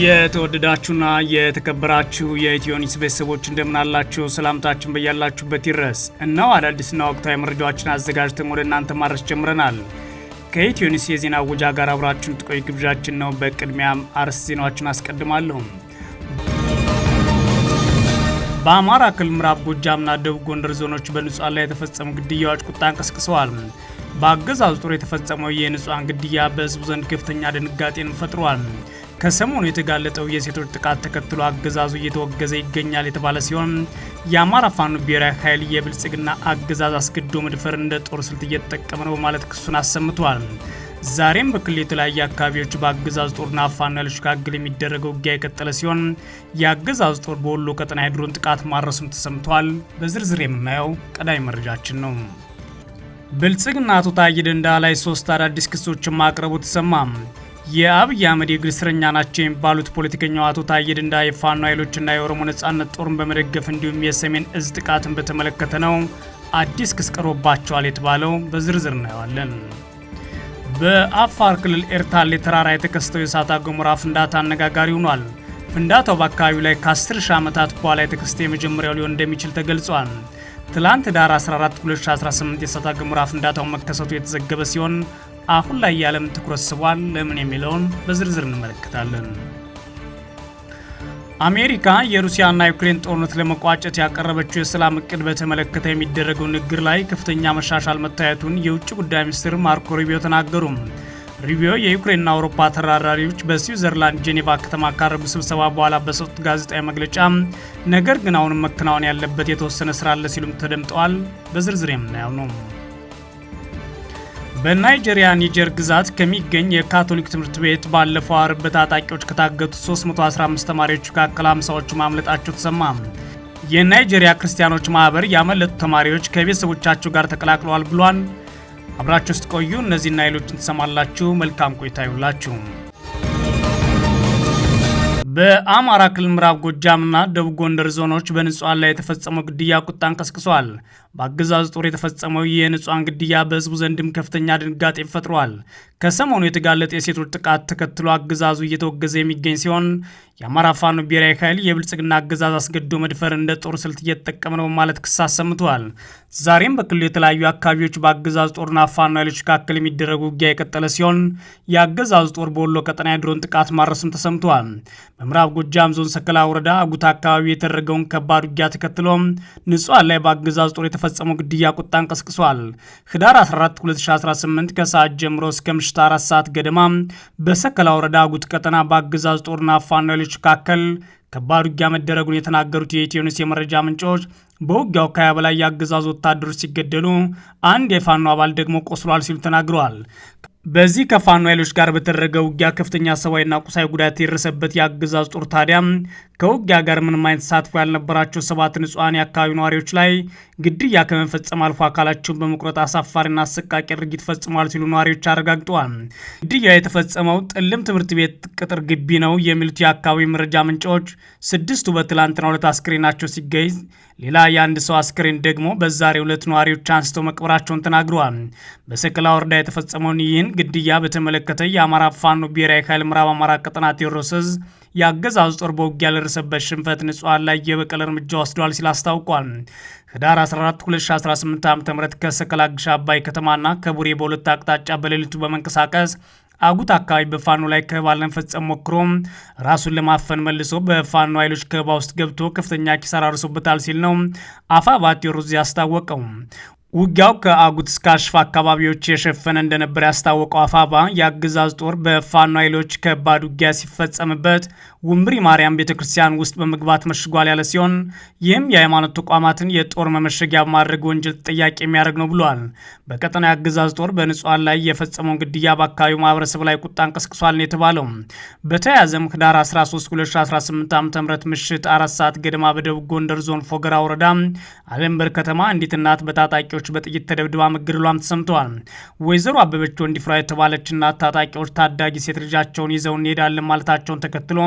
የተወደዳችሁና የተከበራችሁ የኢትዮኒስ ቤተሰቦች እንደምናላችሁ ሰላምታችን በያላችሁበት ይድረስ። እናው አዳዲስና ወቅታዊ መረጃዎችን አዘጋጅተን ወደ እናንተ ማድረስ ጀምረናል። ከኢትዮኒስ የዜና ውጃ ጋር አብራችሁን ጥቆይ ግብዣችን ነው። በቅድሚያም አርስ ዜናዎችን አስቀድማለሁ። በአማራ ክልል ምዕራብ ጎጃምና ደቡብ ጎንደር ዞኖች በንጹሐን ላይ የተፈጸሙ ግድያዎች ቁጣን ቀስቅሰዋል። በአገዛዙ ጦር የተፈጸመው የንጹሐን ግድያ በህዝቡ ዘንድ ከፍተኛ ድንጋጤን ፈጥሯል። ከሰሞኑ የተጋለጠው የሴቶች ጥቃት ተከትሎ አገዛዙ እየተወገዘ ይገኛል የተባለ ሲሆን የአማራ ፋኖ ብሔራዊ ኃይል የብልጽግና አገዛዝ አስገድዶ መድፈር እንደ ጦር ስልት እየተጠቀመ ነው በማለት ክሱን አሰምቷል። ዛሬም በክልል የተለያዩ አካባቢዎች በአገዛዝ ጦርና ፋኖ ኃይሎች መካከል የሚደረገው ውጊያ የቀጠለ ሲሆን የአገዛዝ ጦር በወሎ ቀጠና የድሮን ጥቃት ማድረሱም ተሰምቷል። በዝርዝር የምናየው ቀዳሚ መረጃችን ነው። ብልጽግና አቶ ታዬ ደንደአ ላይ ሶስት አዳዲስ ክሶችን ማቅረቡ ተሰማም። የአብይ አህመድ የእግር እስረኛ ናቸው የሚባሉት ፖለቲከኛው አቶ ታዬ ደንደዓ የፋኖ ኃይሎችና የኦሮሞ ነጻነት ጦርን በመደገፍ እንዲሁም የሰሜን እዝ ጥቃትን በተመለከተ ነው አዲስ ክስ ቀርቦባቸዋል የተባለው በዝርዝር እናየዋለን። በአፋር ክልል ኤርታሌ ተራራ የተከሰተው የእሳተ ገሞራ ፍንዳታ አነጋጋሪ ሆኗል። ፍንዳታው በአካባቢው ላይ ከ10 ሺህ ዓመታት በኋላ የተከሰተ የመጀመሪያው ሊሆን እንደሚችል ተገልጿል። ትላንት ዳር 14 2018 የእሳተ ገሞራ ፍንዳታው መከሰቱ የተዘገበ ሲሆን አሁን ላይ የዓለም ትኩረት ስቧል። ለምን የሚለውን በዝርዝር እንመለከታለን። አሜሪካ የሩሲያና ዩክሬን ጦርነት ለመቋጨት ያቀረበችው የሰላም እቅድ በተመለከተ የሚደረገው ንግግር ላይ ከፍተኛ መሻሻል መታየቱን የውጭ ጉዳይ ሚኒስትር ማርኮ ሩቢዮ ተናገሩ። ሩቢዮ የዩክሬንና አውሮፓ ተራራሪዎች በስዊዘርላንድ ጄኔቫ ከተማ ካረጉ ስብሰባ በኋላ በሰጡት ጋዜጣዊ መግለጫ ነገር ግን አሁንም መከናወን ያለበት የተወሰነ ስራ አለ ሲሉም ተደምጠዋል። በዝርዝር የምናየው ነው። በናይጄሪያ ኒጀር ግዛት ከሚገኝ የካቶሊክ ትምህርት ቤት ባለፈው አርብ በታጣቂዎች ከታገቱ 315 ተማሪዎች መካከል 50 ማምለጣቸው ተሰማ። የናይጄሪያ ክርስቲያኖች ማህበር ያመለጡ ተማሪዎች ከቤተሰቦቻቸው ጋር ተቀላቅለዋል ብሏል። አብራችሁ ስትቆዩ እነዚህና ሌሎችን ትሰማላችሁ። መልካም ቆይታ ይሁንላችሁ። በአማራ ክልል ምዕራብ ጎጃምና ደቡብ ጎንደር ዞኖች በንጹሐን ላይ የተፈጸመው ግድያ ቁጣን ቀስቅሷል። በአገዛዝ ጦር የተፈጸመው የንጹሐን ግድያ በህዝቡ ዘንድም ከፍተኛ ድንጋጤ ፈጥሯል። ከሰሞኑ የተጋለጠ የሴቶች ጥቃት ተከትሎ አገዛዙ እየተወገዘ የሚገኝ ሲሆን የአማራ ፋኖ ብሔራዊ ኃይል የብልጽግና አገዛዝ አስገድዶ መድፈር እንደ ጦር ስልት እየተጠቀመ ነው ማለት ክስ አሰምተዋል። ዛሬም በክልሉ የተለያዩ አካባቢዎች በአገዛዝ ጦርና ፋኖ ኃይሎች መካከል የሚደረጉ ውጊያ የቀጠለ ሲሆን የአገዛዝ ጦር በወሎ ቀጠና የድሮን ጥቃት ማድረሱም ተሰምተዋል። በምዕራብ ጎጃም ዞን ሰከላ ወረዳ አጉት አካባቢ የተደረገውን ከባድ ውጊያ ተከትሎ ንጹሐን ላይ በአገዛዝ ጦር የተፈጸመው ግድያ ቁጣን ቀስቅሷል። ህዳር 14 2018 ከሰዓት ጀምሮ እስከ ምሽት አራት ሰዓት ገደማ በሰከላ ወረዳ አጉት ቀጠና በአገዛዝ ጦርና ፋኖ ኃይሎች ኃይሎች መካከል ከባድ ውጊያ መደረጉን የተናገሩት የኢትዮኒስ የመረጃ ምንጮች በውጊያው ከሀያ በላይ የአገዛዙ ወታደሮች ሲገደሉ አንድ የፋኖ አባል ደግሞ ቆስሏል ሲሉ ተናግረዋል። በዚህ ከፋኖ ኃይሎች ጋር በተደረገ ውጊያ ከፍተኛ ሰብአዊና ቁሳዊ ጉዳት የደረሰበት የአገዛዝ ጦር ታዲያ ከውጊያ ጋር ምንም አይነት ተሳትፎ ያልነበራቸው ሰባት ንጹሐን የአካባቢው ነዋሪዎች ላይ ግድያ ከመፈጸም አልፎ አካላቸውን በመቁረጥ አሳፋሪና አሰቃቂ ድርጊት ፈጽሟል ሲሉ ነዋሪዎች አረጋግጠዋል። ግድያ የተፈጸመው ጥልም ትምህርት ቤት ቅጥር ግቢ ነው የሚሉት የአካባቢው መረጃ ምንጮች ስድስቱ በትላንትናው ዕለት አስክሬናቸው ሲገኝ ሌላ የአንድ ሰው አስክሬን ደግሞ በዛሬው ዕለት ነዋሪዎች አንስተው መቅበራቸውን ተናግረዋል። በሰቅላ ወረዳ የተፈጸመውን ይህን ግድያ በተመለከተ የአማራ ፋኖ ብሔራዊ ኃይል ምዕራብ አማራ ቀጠና ቴዎድሮስ የአገዛዙ ጦር በውጊያ ያልደረሰበት ሽንፈት ንጹሐን ላይ የበቀል እርምጃ ወስዷል ሲል አስታውቋል። ህዳር 14 2018 ዓ ም ከሰከላ ግሻ አባይ ከተማና ከቡሬ በሁለት አቅጣጫ በሌሊቱ በመንቀሳቀስ አጉት አካባቢ በፋኖ ላይ ከበባ ለመፈጸም ሞክሮ ራሱን ለማፈን መልሶ በፋኖ ኃይሎች ከበባ ውስጥ ገብቶ ከፍተኛ ኪሳራ ደርሶበታል ሲል ነው አፋ ቴዎድሮስ አስታወቀው። ውጊያው ከአጉት እስከ አሽፋ አካባቢዎች የሸፈነ እንደነበር ያስታወቀው አፋባ የአገዛዝ ጦር በፋኖ ኃይሎች ከባድ ውጊያ ሲፈጸምበት ውምብሪ ማርያም ቤተ ክርስቲያን ውስጥ በመግባት መሽጓል ያለ ሲሆን ይህም የሃይማኖት ተቋማትን የጦር መመሸጊያ ማድረግ ወንጀል ጥያቄ የሚያደርግ ነው ብሏል። በቀጠና የአገዛዝ ጦር በንጹሐን ላይ የፈጸመውን ግድያ በአካባቢው ማህበረሰብ ላይ ቁጣ እንቀስቅሷል ነው የተባለው። በተያያዘም ህዳር 13 2018 ዓ ም ምሽት አራት ሰዓት ገደማ በደቡብ ጎንደር ዞን ፎገራ ወረዳ አለምበር ከተማ እንዲት እናት በታጣቂዎች ታጣቂዎች በጥይት ተደብድባ መገደሏም ተሰምተዋል። ወይዘሮ አበበች ወንዲፍራ የተባለች እናት ታጣቂዎች ታዳጊ ሴት ልጃቸውን ይዘው እንሄዳለን ማለታቸውን ተከትሎ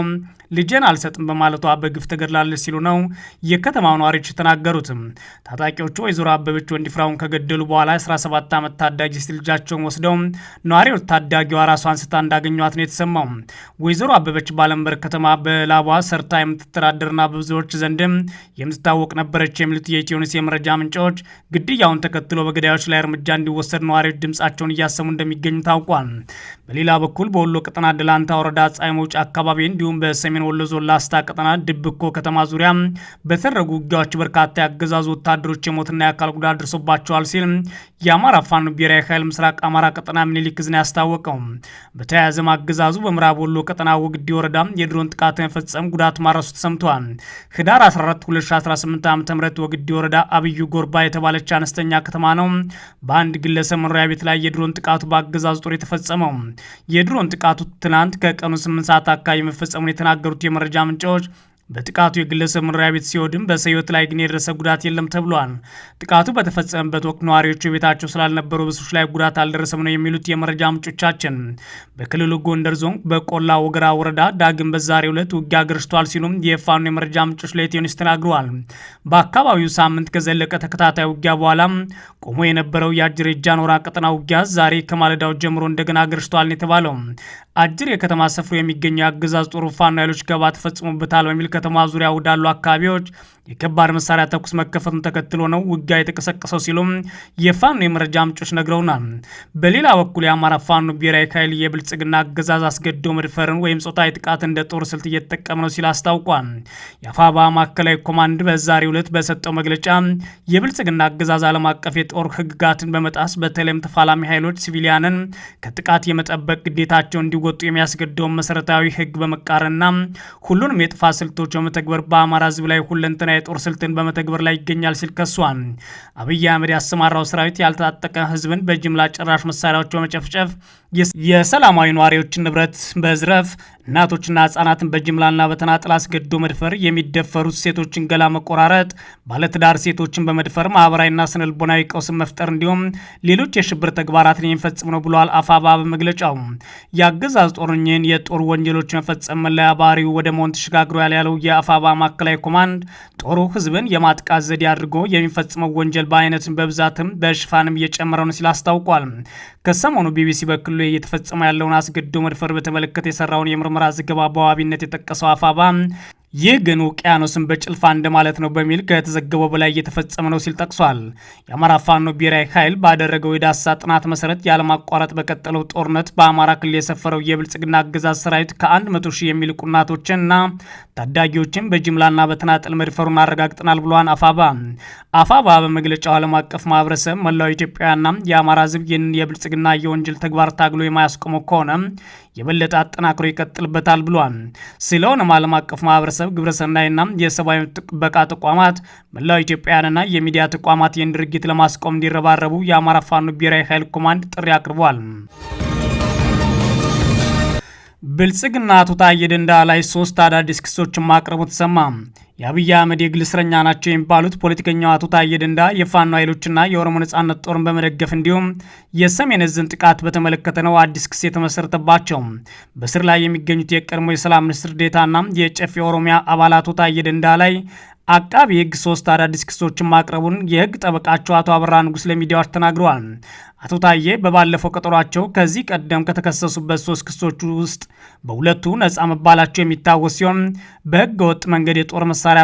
ልጄን አልሰጥም በማለቷ በግፍ ተገድላለች ሲሉ ነው የከተማው ነዋሪዎች የተናገሩት። ታጣቂዎቹ ወይዘሮ አበበች ወንዲፍራውን ከገደሉ በኋላ 17 ዓመት ታዳጊ ሴት ልጃቸውን ወስደው ነዋሪዎች ታዳጊዋ ራሷን ስታ እንዳገኟት ነው የተሰማው። ወይዘሮ አበበች ባለንበር ከተማ በላቧ ሰርታ የምትተዳደርና በብዙዎች ዘንድም የምትታወቅ ነበረች የሚሉት የኢትዮኒስ የመረጃ ምንጮች ግድያውን ተከትሎ በገዳዮች ላይ እርምጃ እንዲወሰድ ነዋሪዎች ድምጻቸውን እያሰሙ እንደሚገኙ ታውቋል። በሌላ በኩል በወሎ ቀጠና ደላንታ ወረዳ ፀሐይ መውጫ አካባቢ እንዲሁም በሰሜን ወሎ ዞን ላስታ ቀጠና ድብኮ ከተማ ዙሪያ በተደረጉ ውጊያዎች በርካታ ያገዛዙ ወታደሮች የሞትና የአካል ጉዳት ደርሶባቸዋል ሲል የአማራ ፋኖ ብሔራዊ ኃይል ምስራቅ አማራ ቀጠና ሚኒሊክ ዝና ያስታወቀው። በተያያዘም አገዛዙ በምዕራብ ወሎ ቀጠና ውግድ ወረዳ የድሮን ጥቃት መፈጸም ጉዳት ማረሱ ተሰምተዋል። ህዳር 14 2018 ዓ ም ወግድ ወረዳ አብዩ ጎርባ የተባለች አነስተኛ ከተማ ነው በአንድ ግለሰብ መኖሪያ ቤት ላይ የድሮን ጥቃቱ በአገዛዝ ጦር የተፈጸመው። የድሮን ጥቃቱ ትናንት ከቀኑ ስምንት ሰዓት አካባቢ መፈጸሙን የተናገሩት የመረጃ ምንጮች በጥቃቱ የግለሰብ መኖሪያ ቤት ሲወድም በሰዮት ላይ ግን የደረሰ ጉዳት የለም ተብሏል። ጥቃቱ በተፈጸመበት ወቅት ነዋሪዎቹ ቤታቸው ስላልነበሩ በሰዎች ላይ ጉዳት አልደረሰም ነው የሚሉት የመረጃ ምንጮቻችን። በክልሉ ጎንደር ዞን በቆላ ወገራ ወረዳ ዳግም በዛሬ ዕለት ውጊያ ገርሽቷል ሲሉም የፋኑ የመረጃ ምንጮች ለኢትዮ ኒውስ ተናግረዋል። በአካባቢው ሳምንት ከዘለቀ ተከታታይ ውጊያ በኋላ ቆሞ የነበረው የአጅሬጃ ኖራ ቀጠና ውጊያ ዛሬ ከማለዳው ጀምሮ እንደገና ገርሽቷል ነው የተባለው። አጅር የከተማ ሰፍሮ የሚገኘው የአገዛዝ ጦር ፋኖ ኃይሎች ገባ ተፈጽሞበታል በሚል ከተማ ዙሪያ ወዳሉ አካባቢዎች የከባድ መሳሪያ ተኩስ መከፈቱን ተከትሎ ነው ውጊያ የተቀሰቀሰው ሲሉም የፋኖ የመረጃ ምንጮች ነግረውናል። በሌላ በኩል የአማራ ፋኖ ብሔራዊ ኃይል የብልጽግና አገዛዝ አስገድዶ መድፈርን ወይም ጾታዊ ጥቃት እንደ ጦር ስልት እየተጠቀመ ነው ሲል አስታውቋል። የአፋባ ማዕከላዊ ኮማንድ በዛሬው ዕለት በሰጠው መግለጫ የብልጽግና አገዛዝ ዓለም አቀፍ የጦር ህግጋትን በመጣስ በተለይም ተፋላሚ ኃይሎች ሲቪሊያንን ከጥቃት የመጠበቅ ግዴታቸው እንዲ እንዲወጡ የሚያስገድደውን መሰረታዊ ህግ በመቃረና ሁሉንም የጥፋት ስልቶች በመተግበር በአማራ ህዝብ ላይ ሁለንተና የጦር ስልትን በመተግበር ላይ ይገኛል ሲል ከሷል። አብይ አህመድ ያሰማራው ሰራዊት ያልታጠቀ ህዝብን በጅምላ ጭራሽ መሳሪያዎች በመጨፍጨፍ የሰላማዊ ነዋሪዎችን ንብረት በዝረፍ እናቶችና ህጻናትን በጅምላና በተናጥል አስገድዶ መድፈር፣ የሚደፈሩት ሴቶችን ገላ መቆራረጥ፣ ባለትዳር ሴቶችን በመድፈር ማህበራዊና ስነልቦናዊ ቀውስን መፍጠር እንዲሁም ሌሎች የሽብር ተግባራትን የሚፈጽም ነው ብሏል አፋባ በመግለጫው። የአገዛዝ ጦርኝን የጦር ወንጀሎች መፈጸም መለያ ባህሪው ወደ መሆን ተሸጋግሯል ያለው የአፋባ ማዕከላዊ ኮማንድ ጦሩ ህዝብን የማጥቃት ዘዴ አድርጎ የሚፈጽመው ወንጀል በአይነትን በብዛትም በሽፋንም እየጨመረ ነው ሲል አስታውቋል። ከሰሞኑ ቢቢሲ በክልሉ እየተፈጸመ ያለውን አስገድዶ መድፈር በተመለከተ የሰራውን የምርመራ ምርመራ ዘገባ በዋቢነት የጠቀሰው አፋባ ይህ ግን ውቅያኖስን በጭልፋ እንደማለት ነው በሚል ከተዘገበው በላይ እየተፈጸመ ነው ሲል ጠቅሷል። የአማራ ፋኖ ብሔራዊ ኃይል ባደረገው የዳሳ ጥናት መሰረት ያለማቋረጥ በቀጠለው ጦርነት በአማራ ክልል የሰፈረው የብልጽግና አገዛዝ ሰራዊት ከ100 ሺህ የሚልቁ እናቶችንና ታዳጊዎችን በጅምላና በተናጠል መድፈሩን አረጋግጠናል ብሏን አፋባ አፋባ በመግለጫው ዓለም አቀፍ ማህበረሰብ መላው ኢትዮጵያውያንና የአማራ ህዝብ ይህንን የብልጽግና የወንጀል ተግባር ታግሎ የማያስቆመው ከሆነ የበለጠ አጠናክሮ ይቀጥልበታል ብሏል። ስለሆነም ዓለም አቀፍ ማህበረሰብ ማህበረሰብ ግብረሰናይና የሰብአዊ ጥበቃ ተቋማት መላው ኢትዮጵያውያንና የሚዲያ ተቋማት ይህን ድርጊት ለማስቆም እንዲረባረቡ የአማራ ፋኖ ብሔራዊ ኃይል ኮማንድ ጥሪ አቅርቧል። ብልጽግና አቶ ታዬ ደንደአ ላይ ሶስት አዳዲስ ክሶችን ማቅረቡ ተሰማ። የአብይ አህመድ የግል እስረኛ ናቸው የሚባሉት ፖለቲከኛው አቶ ታዬ ደንደአ የፋኖ ኃይሎችና የኦሮሞ ነጻነት ጦርን በመደገፍ እንዲሁም የሰሜን ዝን ጥቃት በተመለከተ ነው አዲስ ክስ የተመሰረተባቸው። በስር ላይ የሚገኙት የቀድሞ የሰላም ሚኒስትር ዴታና የጨፌ ኦሮሚያ አባል አቶ ታዬ ደንደአ ላይ አቃቢ ህግ ሶስት አዳዲስ ክሶችን ማቅረቡን የህግ ጠበቃቸው አቶ አበራ ንጉስ ለሚዲያዎች ተናግረዋል። አቶ ታዬ በባለፈው ቀጠሯቸው ከዚህ ቀደም ከተከሰሱበት ሶስት ክሶች ውስጥ በሁለቱ ነፃ መባላቸው የሚታወስ ሲሆን በሕገ ወጥ መንገድ የጦር መሳሪያ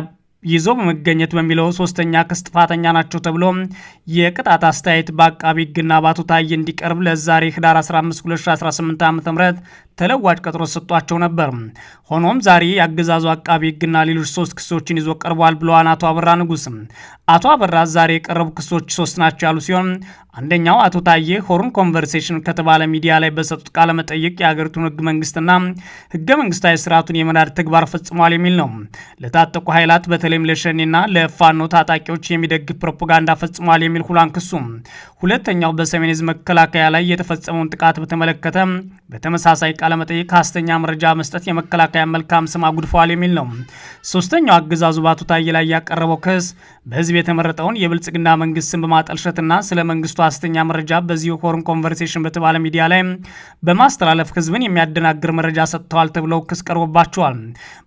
ይዞ በመገኘት በሚለው ሶስተኛ ክስ ጥፋተኛ ናቸው ተብሎ የቅጣት አስተያየት በአቃቢ ህግና በአቶ ታዬ እንዲቀርብ ለዛሬ ህዳር 15 2018 ዓ ም ተለዋጭ ቀጥሮ ተሰጥቷቸው ነበር። ሆኖም ዛሬ የአገዛዙ አቃቢ ህግና ሌሎች ሶስት ክሶችን ይዞ ቀርቧል ብለዋል አቶ አበራ ንጉስ። አቶ አበራ ዛሬ የቀረቡ ክሶች ሶስት ናቸው ያሉ ሲሆን አንደኛው አቶ ታዬ ሆርን ኮንቨርሴሽን ከተባለ ሚዲያ ላይ በሰጡት ቃለመጠይቅ የሀገሪቱን ህገ መንግስትና ህገ መንግስታዊ ስርዓቱን የመናድ ተግባር ፈጽሟል የሚል ነው። ለታጠቁ ኃይላት በተለይም ለሸኔና ለፋኖ ታጣቂዎች የሚደግፍ ፕሮፓጋንዳ ፈጽሟል የሚል ሁላን ክሱ። ሁለተኛው በሰሜን ህዝብ መከላከያ ላይ የተፈጸመውን ጥቃት በተመለከተ በተመሳሳይ ቃለመጠይቅ ሐሰተኛ መረጃ መስጠት የመከላከያ መልካም ስም አጉድፈዋል የሚል ነው። ሶስተኛው አገዛዙ በአቶ ታዬ ላይ ያቀረበው ክስ በህዝብ የተመረጠውን የብልጽግና መንግስትን በማጠልሸትና ስለ መንግስቱ ሐሰተኛ መረጃ በዚሁ ሆርን ኮንቨርሴሽን በተባለ ሚዲያ ላይ በማስተላለፍ ህዝብን የሚያደናግር መረጃ ሰጥተዋል ተብለው ክስ ቀርቦባቸዋል።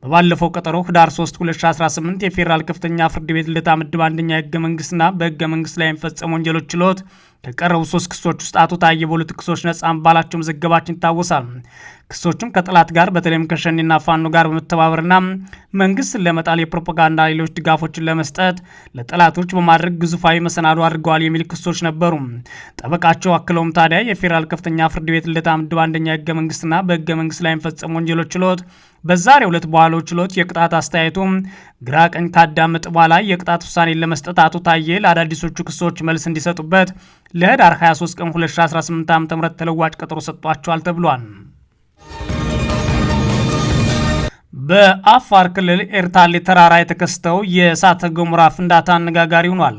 በባለፈው ቀጠሮ ህዳር 3 2018 የፌዴራል ከፍተኛ ፍርድ ቤት ልደታ ምድብ አንደኛ የህገ መንግስትና በህገ መንግስት ላይ የሚፈጸሙ ወንጀሎች ችሎት ከቀረቡ ሶስት ክሶች ውስጥ አቶ ታዬ በሁለት ክሶች ነጻ መባላቸው መዘገባችን ይታወሳል። ክሶቹም ከጠላት ጋር በተለይም ከሸኔና ፋኖ ጋር በመተባበርና መንግስትን ለመጣል የፕሮፓጋንዳ ሌሎች ድጋፎችን ለመስጠት ለጠላቶች በማድረግ ግዙፋዊ መሰናዶ አድርገዋል የሚል ክሶች ነበሩ። ጠበቃቸው አክለውም ታዲያ የፌዴራል ከፍተኛ ፍርድ ቤት ልደታ ምድብ አንደኛ ህገ መንግስትና በህገ መንግስት ላይ የሚፈጸሙ ወንጀሎች ችሎት በዛሬ ሁለት በዋለው ችሎት የቅጣት አስተያየቱ ግራ ቀኝ ካዳመጠ በኋላ የቅጣት ውሳኔን ለመስጠት አቶ ታዬ ለአዳዲሶቹ ክሶች መልስ እንዲሰጡበት ለህዳር 23 ቀን 2018 ዓ ም ተለዋጭ ቀጠሮ ሰጥቷቸዋል ተብሏል። በአፋር ክልል ኤርታሌ ተራራ የተከሰተው የእሳተ ገሞራ ፍንዳታ አነጋጋሪ ሆኗል።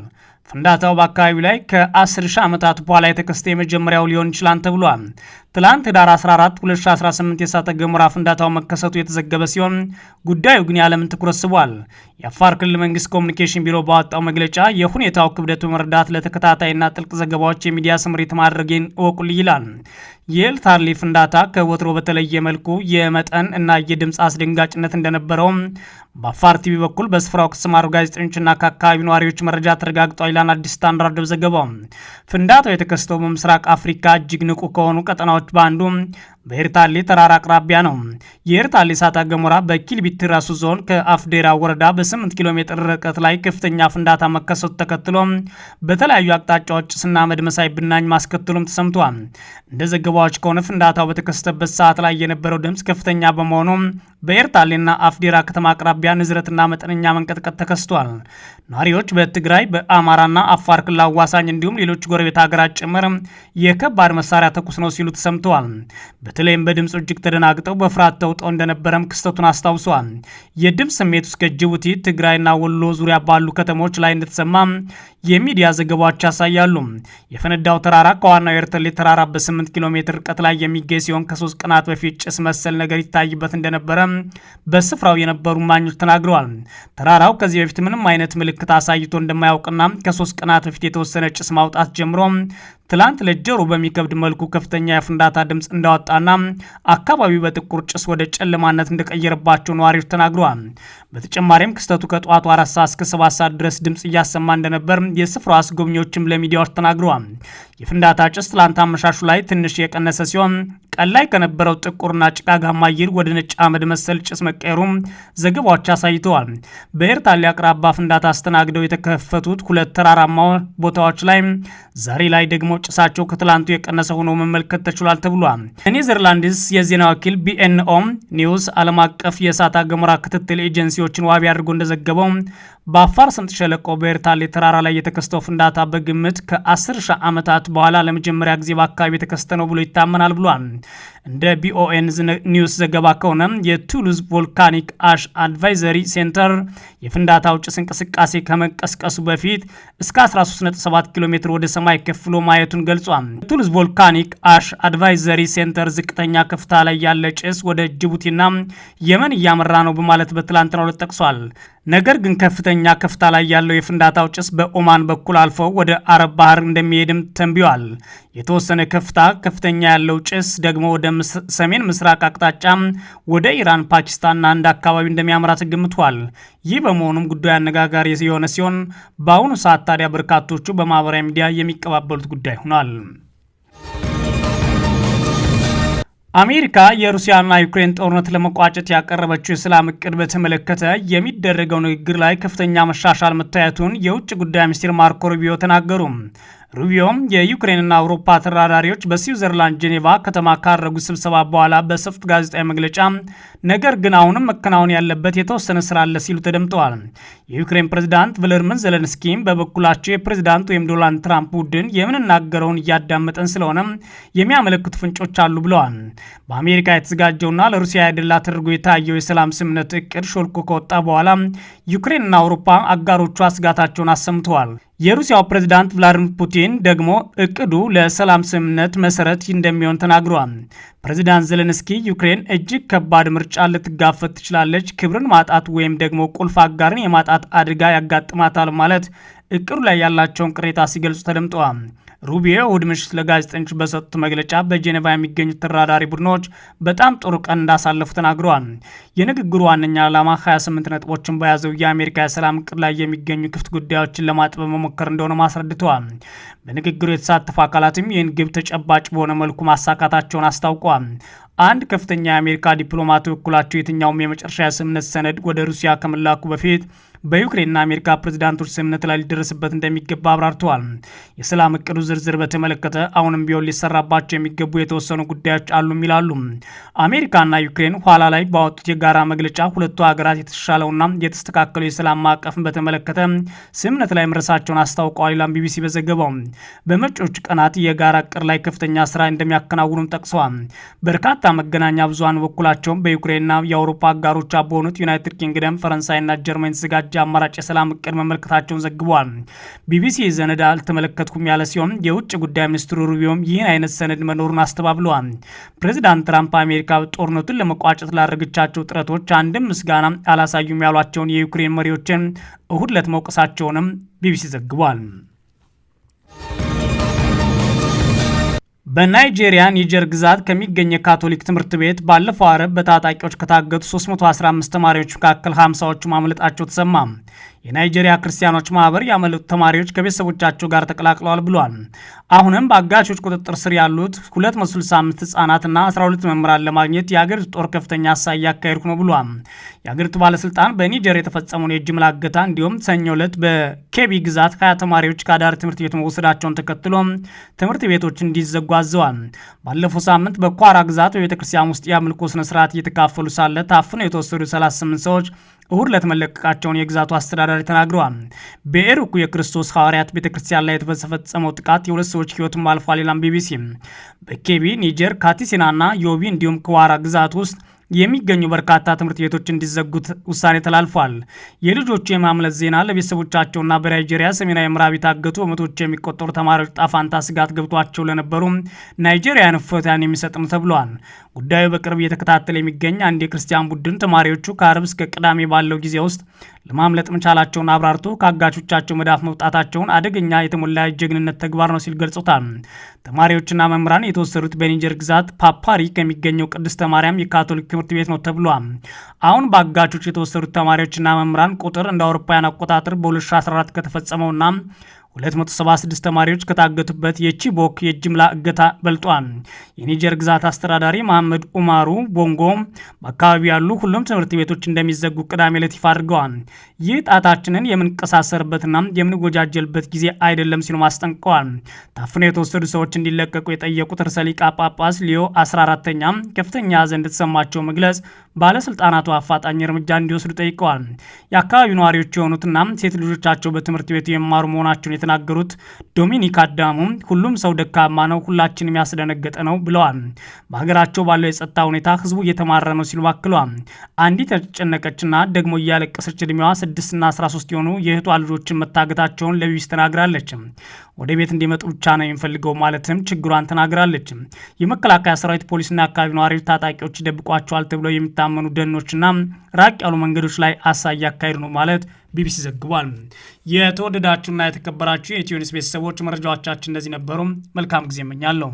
ፍንዳታው በአካባቢው ላይ ከ10 ሺህ ዓመታት በኋላ የተከሰተ የመጀመሪያው ሊሆን ይችላል ተብሏል። ትላንት ህዳር 14 2018 የእሳተ ገሞራ ፍንዳታው መከሰቱ የተዘገበ ሲሆን ጉዳዩ ግን የዓለምን ትኩረት ስቧል። የአፋር ክልል መንግስት ኮሚኒኬሽን ቢሮ ባወጣው መግለጫ የሁኔታው ክብደት በመረዳት ለተከታታይና ጥልቅ ዘገባዎች የሚዲያ ስምሪት ማድረጌን እወቁልኝ ይላል። የኤልታሌ ፍንዳታ ከወትሮ በተለየ መልኩ የመጠን እና የድምፅ አስደንጋጭነት እንደነበረው በአፋር ቲቪ በኩል በስፍራው ከተሰማሩ ጋዜጠኞችና ከአካባቢ ነዋሪዎች መረጃ ተረጋግጧል ይላል አዲስ ስታንዳርድ ዘገባው። ፍንዳታው የተከሰተው በምስራቅ አፍሪካ እጅግ ንቁ ከሆኑ ቀጠናዎች ባንዱ በኤርታሌ ተራራ አቅራቢያ ነው። የኤርታሌ እሳተ ገሞራ በኪልቢቲ ራሱ ዞን ከአፍዴራ ወረዳ በ8 ኪሎ ሜትር ርቀት ላይ ከፍተኛ ፍንዳታ መከሰቱ ተከትሎ በተለያዩ አቅጣጫዎች ጭስና መሳይ ብናኝ ማስከተሉም ተሰምቷል። እንደ ዘገባዎች ከሆነ ፍንዳታው በተከሰተበት ሰዓት ላይ የነበረው ድምፅ ከፍተኛ በመሆኑ በኤርታሌና አፍዴራ ከተማ አቅራቢያ ንዝረትና መጠነኛ መንቀጥቀጥ ተከስቷል። ነዋሪዎች በትግራይ በአማራና አፋር ክልል አዋሳኝ እንዲሁም ሌሎች ጎረቤት ሀገራት ጭምር የከባድ መሳሪያ ተኩስ ነው ሲሉ ተሰምተዋል። በተለይም በድምፁ እጅግ ተደናግጠው በፍርሃት ተውጠው እንደነበረም ክስተቱን አስታውሰዋል። የድምፅ ስሜት እስከ ጅቡቲ፣ ትግራይና ወሎ ዙሪያ ባሉ ከተሞች ላይ እንደተሰማ የሚዲያ ዘገባዎች ያሳያሉ። የፈነዳው ተራራ ከዋናው ኤርተሌ ተራራ በ8 ኪሎ ሜትር ርቀት ላይ የሚገኝ ሲሆን ከሶስት ቀናት በፊት ጭስ መሰል ነገር ይታይበት እንደነበረ በስፍራው የነበሩ ማኞች ተናግረዋል። ተራራው ከዚህ በፊት ምንም አይነት ምልክት አሳይቶ እንደማያውቅና ከሶስት ቀናት በፊት የተወሰነ ጭስ ማውጣት ጀምሮ ትላንት ለጆሮ በሚከብድ መልኩ ከፍተኛ የፍንዳታ ድምፅ እንዳወጣና አካባቢው በጥቁር ጭስ ወደ ጨለማነት እንደቀየረባቸው ነዋሪዎች ተናግረዋል። በተጨማሪም ክስተቱ ከጠዋቱ አራት ሰዓት እስከ ሰባት ሰዓት ድረስ ድምፅ እያሰማ እንደነበር የስፍራ አስጎብኚዎችም ለሚዲያዎች ተናግረዋል። የፍንዳታ ጭስ ትላንት አመሻሹ ላይ ትንሽ የቀነሰ ሲሆን ቀን ላይ ከነበረው ጥቁርና ጭጋጋማ አየር ወደ ነጭ አመድ መሰል ጭስ መቀየሩም ዘገባዎች አሳይተዋል። በኤርታሌ አቅራባ ፍንዳታ አስተናግደው የተከፈቱት ሁለት ተራራማ ቦታዎች ላይ ዛሬ ላይ ደግሞ ጭሳቸው ከትላንቱ የቀነሰ ሆኖ መመልከት ተችሏል ተብሏል። የኔዘርላንድስ የዜና ወኪል ቢኤንኦ ኒውስ ዓለም አቀፍ የእሳተ ገሞራ ክትትል ኤጀንሲዎችን ዋቢ አድርጎ እንደዘገበው በአፋር ስምጥ ሸለቆ በኤርታሌ ተራራ ላይ የተከስተው ፍንዳታ በግምት ከ10 ሺህ ዓመታት በኋላ ለመጀመሪያ ጊዜ በአካባቢ የተከሰተ ነው ብሎ ይታመናል ብሏል። እንደ ቢኦኤን ኒውስ ዘገባ ከሆነ የቱሉዝ ቮልካኒክ አሽ አድቫይዘሪ ሴንተር የፍንዳታው ጭስ እንቅስቃሴ ከመቀስቀሱ በፊት እስከ 137 ኪሎ ሜትር ወደ ሰማይ ከፍሎ ማየቱን ገልጿል። የቱሉዝ ቮልካኒክ አሽ አድቫይዘሪ ሴንተር ዝቅተኛ ከፍታ ላይ ያለ ጭስ ወደ ጅቡቲና የመን እያመራ ነው በማለት በትላንትናው ዕለት ጠቅሷል። ነገር ግን ከፍተኛ ከፍታ ላይ ያለው የፍንዳታው ጭስ በኦማን በኩል አልፎ ወደ አረብ ባህር እንደሚሄድም ተንቢዋል። የተወሰነ ከፍታ ከፍተኛ ያለው ጭስ ደግሞ ወደ ሰሜን ምስራቅ አቅጣጫ ወደ ኢራን፣ ፓኪስታንና አንድ አካባቢ እንደሚያምራ ተገምቷል። ይህ በመሆኑም ጉዳዩ አነጋጋሪ የሆነ ሲሆን በአሁኑ ሰዓት ታዲያ በርካቶቹ በማህበራዊ ሚዲያ የሚቀባበሉት ጉዳይ ሆኗል። አሜሪካ የሩሲያና ዩክሬን ጦርነት ለመቋጨት ያቀረበችው የሰላም እቅድ በተመለከተ የሚደረገው ንግግር ላይ ከፍተኛ መሻሻል መታየቱን የውጭ ጉዳይ ሚኒስትር ማርኮ ሩቢዮ ተናገሩ። ሩቢዮም የዩክሬንና አውሮፓ ተራዳሪዎች በስዊዘርላንድ ጄኔቫ ከተማ ካረጉት ስብሰባ በኋላ በሰፍት ጋዜጣዊ መግለጫ ነገር ግን አሁንም መከናወን ያለበት የተወሰነ ስራ አለ ሲሉ ተደምጠዋል። የዩክሬን ፕሬዝዳንት ቮሎድሚር ዘለንስኪም በበኩላቸው የፕሬዝዳንቱ ወይም ዶናልድ ትራምፕ ቡድን የምንናገረውን እያዳመጠን ስለሆነ የሚያመለክቱ ፍንጮች አሉ ብለዋል። በአሜሪካ የተዘጋጀውና ለሩሲያ ያደላ ተደርጎ የታየው የሰላም ስምምነት እቅድ ሾልኮ ከወጣ በኋላ ዩክሬንና አውሮፓ አጋሮቿ ስጋታቸውን አሰምተዋል። የሩሲያው ፕሬዝዳንት ቭላዲሚር ፑቲን ደግሞ እቅዱ ለሰላም ስምምነት መሰረት እንደሚሆን ተናግሯል። ፕሬዝዳንት ዘለንስኪ ዩክሬን እጅግ ከባድ ምርጫ ልትጋፈጥ ትችላለች፣ ክብርን ማጣት ወይም ደግሞ ቁልፍ አጋርን የማጣት አደጋ ያጋጥማታል ማለት እቅዱ ላይ ያላቸውን ቅሬታ ሲገልጹ ተደምጠዋል። ሩቢዮ እሁድ ምሽት ለጋዜጠኞች በሰጡት መግለጫ በጄኔቫ የሚገኙት ተደራዳሪ ቡድኖች በጣም ጥሩ ቀን እንዳሳለፉ ተናግረዋል። የንግግሩ ዋነኛ ዓላማ 28 ነጥቦችን በያዘው የአሜሪካ የሰላም እቅድ ላይ የሚገኙ ክፍት ጉዳዮችን ለማጥበብ መሞከር እንደሆነ አስረድተዋል። በንግግሩ የተሳተፉ አካላትም ይህን ግብ ተጨባጭ በሆነ መልኩ ማሳካታቸውን አስታውቋል። አንድ ከፍተኛ የአሜሪካ ዲፕሎማት በኩላቸው የትኛውም የመጨረሻ የስምምነት ሰነድ ወደ ሩሲያ ከመላኩ በፊት በዩክሬንና አሜሪካ ፕሬዚዳንቶች ስምምነት ላይ ሊደረስበት እንደሚገባ አብራርተዋል። የሰላም እቅዱ ዝርዝር በተመለከተ አሁንም ቢሆን ሊሰራባቸው የሚገቡ የተወሰኑ ጉዳዮች አሉም ይላሉ። አሜሪካና ዩክሬን ኋላ ላይ ባወጡት የጋራ መግለጫ ሁለቱ ሀገራት የተሻለውና የተስተካከለው የሰላም ማዕቀፍን በተመለከተ ስምምነት ላይ መድረሳቸውን አስታውቀዋል ይላም ቢቢሲ በዘገባው። በመጪዎች ቀናት የጋራ እቅድ ላይ ከፍተኛ ስራ እንደሚያከናውኑም ጠቅሰዋል። በርካታ መገናኛ ብዙሀን በኩላቸውም በዩክሬንና የአውሮፓ አጋሮቿ በሆኑት ዩናይትድ ኪንግደም፣ ፈረንሳይና ጀርመን የተዘጋጀ አማራጭ የሰላም እቅድ መመልከታቸውን ዘግቧል። ቢቢሲ ዘነድ አልተመለከትኩም ያለ ሲሆን የውጭ ጉዳይ ሚኒስትሩ ሩቢዮም ይህን አይነት ሰነድ መኖሩን አስተባብለዋል። ፕሬዚዳንት ትራምፕ አሜሪካ ጦርነቱን ለመቋጨት ላደረገቻቸው ጥረቶች አንድም ምስጋና አላሳዩም ያሏቸውን የዩክሬን መሪዎችን እሁድ ዕለት መውቀሳቸውንም ቢቢሲ ዘግቧል። በናይጄሪያ ኒጀር ግዛት ከሚገኝ የካቶሊክ ትምህርት ቤት ባለፈው አረብ በታጣቂዎች ከታገቱ 315 ተማሪዎች መካከል 50ዎቹ ማምለጣቸው ተሰማ። የናይጄሪያ ክርስቲያኖች ማህበር ያመለጡ ተማሪዎች ከቤተሰቦቻቸው ጋር ተቀላቅለዋል ብሏል። አሁንም በአጋቾች ቁጥጥር ስር ያሉት 265 ህጻናትና 12 መምህራን ለማግኘት የአገሪቱ ጦር ከፍተኛ አሳይ እያካሄድኩ ነው ብሏል። የአገሪቱ ባለስልጣን በኒጀር የተፈጸመውን የጅምላ እገታ እንዲሁም ሰኞ ዕለት በኬቢ ግዛት ሀያ ተማሪዎች ከአዳሪ ትምህርት ቤት መወሰዳቸውን ተከትሎ ትምህርት ቤቶች እንዲዘጉ አዘዋል። ባለፈው ሳምንት በኳራ ግዛት በቤተክርስቲያን ውስጥ የአምልኮ ስነስርዓት እየተካፈሉ ሳለ ታፍነው የተወሰዱ 38 ሰዎች እሁድ ዕለት መለቀቃቸውን የግዛቱ አስተዳዳሪ ተናግረዋል። በኤሩኩ የክርስቶስ ሐዋርያት ቤተ ክርስቲያን ላይ የተፈጸመው ጥቃት የሁለት ሰዎች ህይወት አልፏል። ሌላም ቢቢሲ በኬቢ ኒጀር፣ ካቲሲናና ዮቢ እንዲሁም ከዋራ ግዛት ውስጥ የሚገኙ በርካታ ትምህርት ቤቶች እንዲዘጉት ውሳኔ ተላልፏል። የልጆቹ የማምለት ዜና ለቤተሰቦቻቸውና በናይጄሪያ ሰሜናዊ ምዕራብ የታገቱ በመቶች የሚቆጠሩ ተማሪዎች ጣፋንታ ስጋት ገብቷቸው ለነበሩ ናይጄሪያን እፎይታን የሚሰጥም ተብሏል። ጉዳዩ በቅርብ እየተከታተለ የሚገኝ አንድ የክርስቲያን ቡድን ተማሪዎቹ ከአርብ እስከ ቅዳሜ ባለው ጊዜ ውስጥ ለማምለጥ መቻላቸውን አብራርቶ ከአጋቾቻቸው መዳፍ መውጣታቸውን አደገኛ የተሞላ የጀግንነት ተግባር ነው ሲል ገልጾታል። ተማሪዎችና መምህራን የተወሰዱት በኒጀር ግዛት ፓፓሪ ከሚገኘው ቅድስተ ማርያም የካቶሊክ ትምህርት ቤት ነው ተብሏል። አሁን በአጋቾች የተወሰዱት ተማሪዎችና መምህራን ቁጥር እንደ አውሮፓውያን አቆጣጠር በ2014 ከተፈጸመውና 276 ተማሪዎች ከታገቱበት የቺቦክ የጅምላ እገታ በልጧል። የኒጀር ግዛት አስተዳዳሪ መሐመድ ኡማሩ ቦንጎ በአካባቢው ያሉ ሁሉም ትምህርት ቤቶች እንደሚዘጉ ቅዳሜ ዕለት ይፋ አድርገዋል። ይህ ጣታችንን የምንቀሳሰርበትና የምንጎጃጀልበት ጊዜ አይደለም ሲሉ አስጠንቅቀዋል። ታፍነው የተወሰዱ ሰዎች እንዲለቀቁ የጠየቁት ርዕሰ ሊቃነ ጳጳስ ሊዮ 14ተኛ ከፍተኛ ሐዘን እንደተሰማቸው መግለጽ ባለስልጣናቱ አፋጣኝ እርምጃ እንዲወስዱ ጠይቀዋል። የአካባቢው ነዋሪዎች የሆኑትና ሴት ልጆቻቸው በትምህርት ቤቱ የማሩ መሆናቸውን የተናገሩት ዶሚኒክ አዳሙ ሁሉም ሰው ደካማ ነው፣ ሁላችን የሚያስደነገጠ ነው ብለዋል። በሀገራቸው ባለው የጸጥታ ሁኔታ ህዝቡ እየተማረ ነው ሲሉ አክለዋል። አንዲት የተጨነቀችና ደግሞ እያለቀሰች እድሜዋ ስድስትና አስራ ሶስት የሆኑ የእህቷ ልጆችን መታገታቸውን ለቢቢሲ ተናግራለች። ወደ ቤት እንዲመጡ ብቻ ነው የሚፈልገው ማለትም ችግሯን ተናግራለች። የመከላከያ ሰራዊት፣ ፖሊስና የአካባቢ ነዋሪዎች ታጣቂዎች ይደብቋቸዋል ተብለው የሚታመኑ ደኖችና ራቅ ያሉ መንገዶች ላይ አሳ እያካሄዱ ነው ማለት ቢቢሲ ዘግቧል። የተወደዳችሁና የተከበራችሁ የኢትዮ ኒውስ ቤተሰቦች መረጃዎቻችን እነዚህ ነበሩ። መልካም ጊዜ እመኛለሁ።